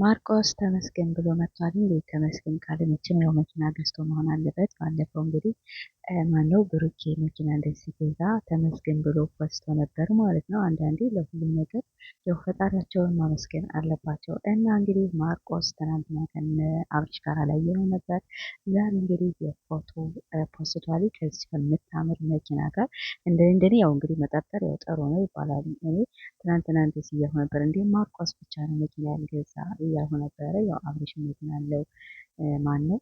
ማርቆስ ተመስገን ብሎ መጥቷል እንዴ! ተመስገን ካለ መቼም ያው መኪና ገዝቶ መሆን አለበት። ባለፈው እንግዲህ ማነው ብሩኬ መኪና እንደሲገዛ ተመስገን ብሎ ፖስቶ ነበር ማለት ነው። አንዳንዴ ለሁሉም ነገር ያው ፈጣሪያቸውን ማመስገን አለባቸው እና እንግዲህ ማርቆስ ትናንትና ከን አብርሽ ጋር አላየነው ነበር። ዛሬ እንግዲህ የፎቶ ፖስቷሊ ከዚህ ከምታምር መኪና ጋር እንደኔ እንደኔ ያው እንግዲህ መጠርጠር ያው ጥሩ ነው ይባላል። እኔ ትናንትና እንደዚህ እያልሁ ነበር እንዴ ማርቆስ ብቻ ነው መኪና ያልገዛ እያልሁ ነበረ። ያው አብርሽ መኪና አለው ማን ነው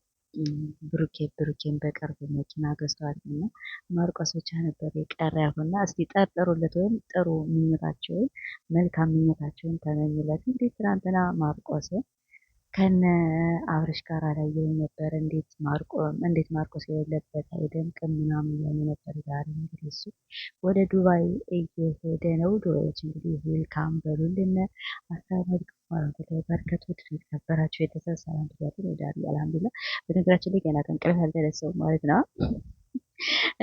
ብሩኬ ብሩኬን በቅርብ መኪና ገዝተዋል እና ማርቆስ ብቻ ነበር የቀረ ያሁና እስቲ ጠርጥሩለት ወይም ጥሩ ምኞታቸውን መልካም ምኞታቸውን ተመኝለት እንግዲህ ትናንትና ማርቆስን ከነ አብርሽ ጋር አላየሁም ነበር። እንዴት ማርቆ እንዴት ማርቆስ የሌለበት አይደንቅም ምናምን እያሉ ነበር። ዛሬ እንግዲህ እሱ ወደ ዱባይ እየሄደ ነው። ዱባዮች እንግዲህ ዌልካም በሉልን። አሳብ ላይ በርከት ውድ የተከበራችሁ ቤተሰብ ሰላም ብያትን ሄዳሉ። አልሐምዱላ በነገራችን ላይ ገና ከእንቅልፍ ያልተነሳው ማለት ነው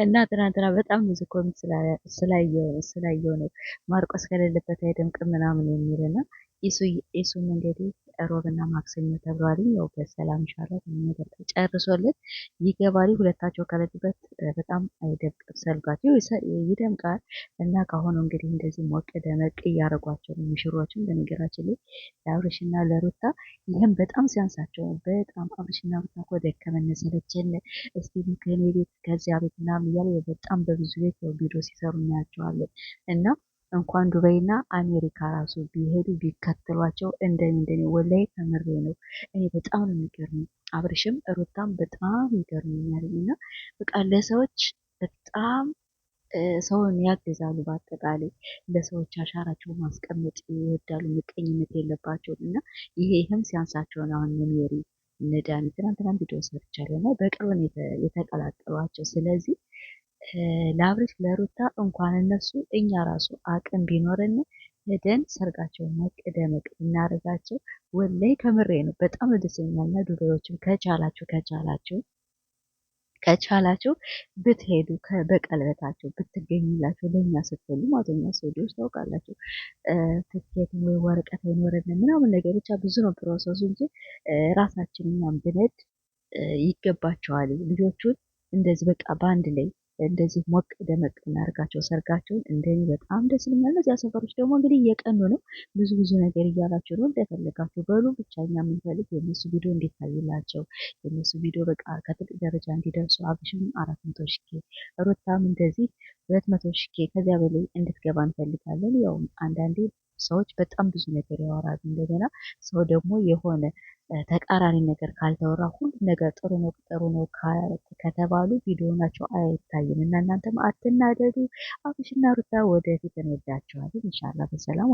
እና ትናንትና በጣም ብዙ ኮሚት ስላየው ነው ማርቆስ ከሌለበት አይደንቅም ምናምን የሚል እና እሱም እንግዲህ እና ማክሰኞ ተብሏልኝ ያው በሰላም ይሻላል ጨርሶለት ይገባል። ሁለታቸው ከለጡበት በጣም አይደምቅም ሰልጋቸው ይደምቃል። እና ከአሁኑ እንግዲህ እንደዚህ ሞቅ ደመቅ እያደረጓቸው ነው ሙሽሮችን። በነገራችን ላይ ለአብርሽና ለሩታ ይህም በጣም ሲያንሳቸው ነው። በጣም አብርሽና ሩታ እኮ ደከመን ሰለቸን፣ እስቲ ከኔ ቤት ከዚያ ቤት ምናምን እያለ በጣም በብዙ ቤት ቪዲዮ ሲሰሩ እናያቸዋለን እና እንኳን ዱባይና አሜሪካ ራሱ ቢሄዱ ቢከተሏቸው እንደኔ እንደኔ ወላይ ተምሬ ነው። እኔ በጣም ነው የሚገርመኝ። አብርሽም ሩታም በጣም ይገርመኛል። እና በቃ ለሰዎች በጣም ሰውን ያግዛሉ። በአጠቃላይ ለሰዎች አሻራቸው ማስቀመጥ ይወዳሉ። ምቀኝነት የለባቸውም። እና ይሄ ይህም ሲያንሳቸውን አሁን ሜሪ ነዳኒ ትናንትና ቪዲዮ ሰርቻለሁ እና በቅርብ ነው የተቀላቀሏቸው። ስለዚህ ለአብርሽ ለሩታ እንኳን እነሱ እኛ ራሱ አቅም ቢኖረን ሄደን ሰርጋቸውን መቅደመቅ እናደርጋቸው። ወላይ ከምሬ ነው። በጣም ደስ ይለኛልና ዱሮዎችም ከቻላችሁ ከቻላችሁ ከቻላችሁ ብትሄዱ በቀለበታችሁ ብትገኙላችሁ ለእኛ ስትሉ ማለት ነው። ሰዎች ታውቃላችሁ፣ ትኬት ወይ ወረቀት አይኖረንም ምናምን ነገር ብቻ ብዙ ነው ፕሮሰሱ እንጂ ራሳችን እኛም ብንሄድ ይገባቸዋል ልጆቹን እንደዚህ በቃ በአንድ ላይ እንደዚህ ሞቅ ደመቅ እናድርጋቸው ሰርጋቸውን። እንደኔ በጣም ደስ ይለኛል። እነዚያ ሰፈሮች ደግሞ እንግዲህ እየቀኑ ነው። ብዙ ብዙ ነገር እያላቸው ነው። እንደፈለጋቸው በሉ ብቻ እኛ የምንፈልግ የእነሱ ቪዲዮ እንዲታይላቸው የእነሱ ቪዲዮ በቃ ከትልቅ ደረጃ እንዲደርሱ አብሽም አራት መቶ ሺህ ሩታም እንደዚህ ሁለት መቶ ሺህ ከዚያ በላይ እንድትገባ እንፈልጋለን። ያው አንዳንዴ ሰዎች በጣም ብዙ ነገር ያወራሉ። እንደገና ሰው ደግሞ የሆነ ተቃራኒ ነገር ካልተወራ ሁሉ ነገር ጥሩ ነው ጥሩ ነው ከተባሉ ቪዲዮናቸው አይታይም እና እናንተም አትናደዱ። አብርሽና ሩታ ወደፊት እንወዳቸዋለን። ኢንሻላህ በሰላም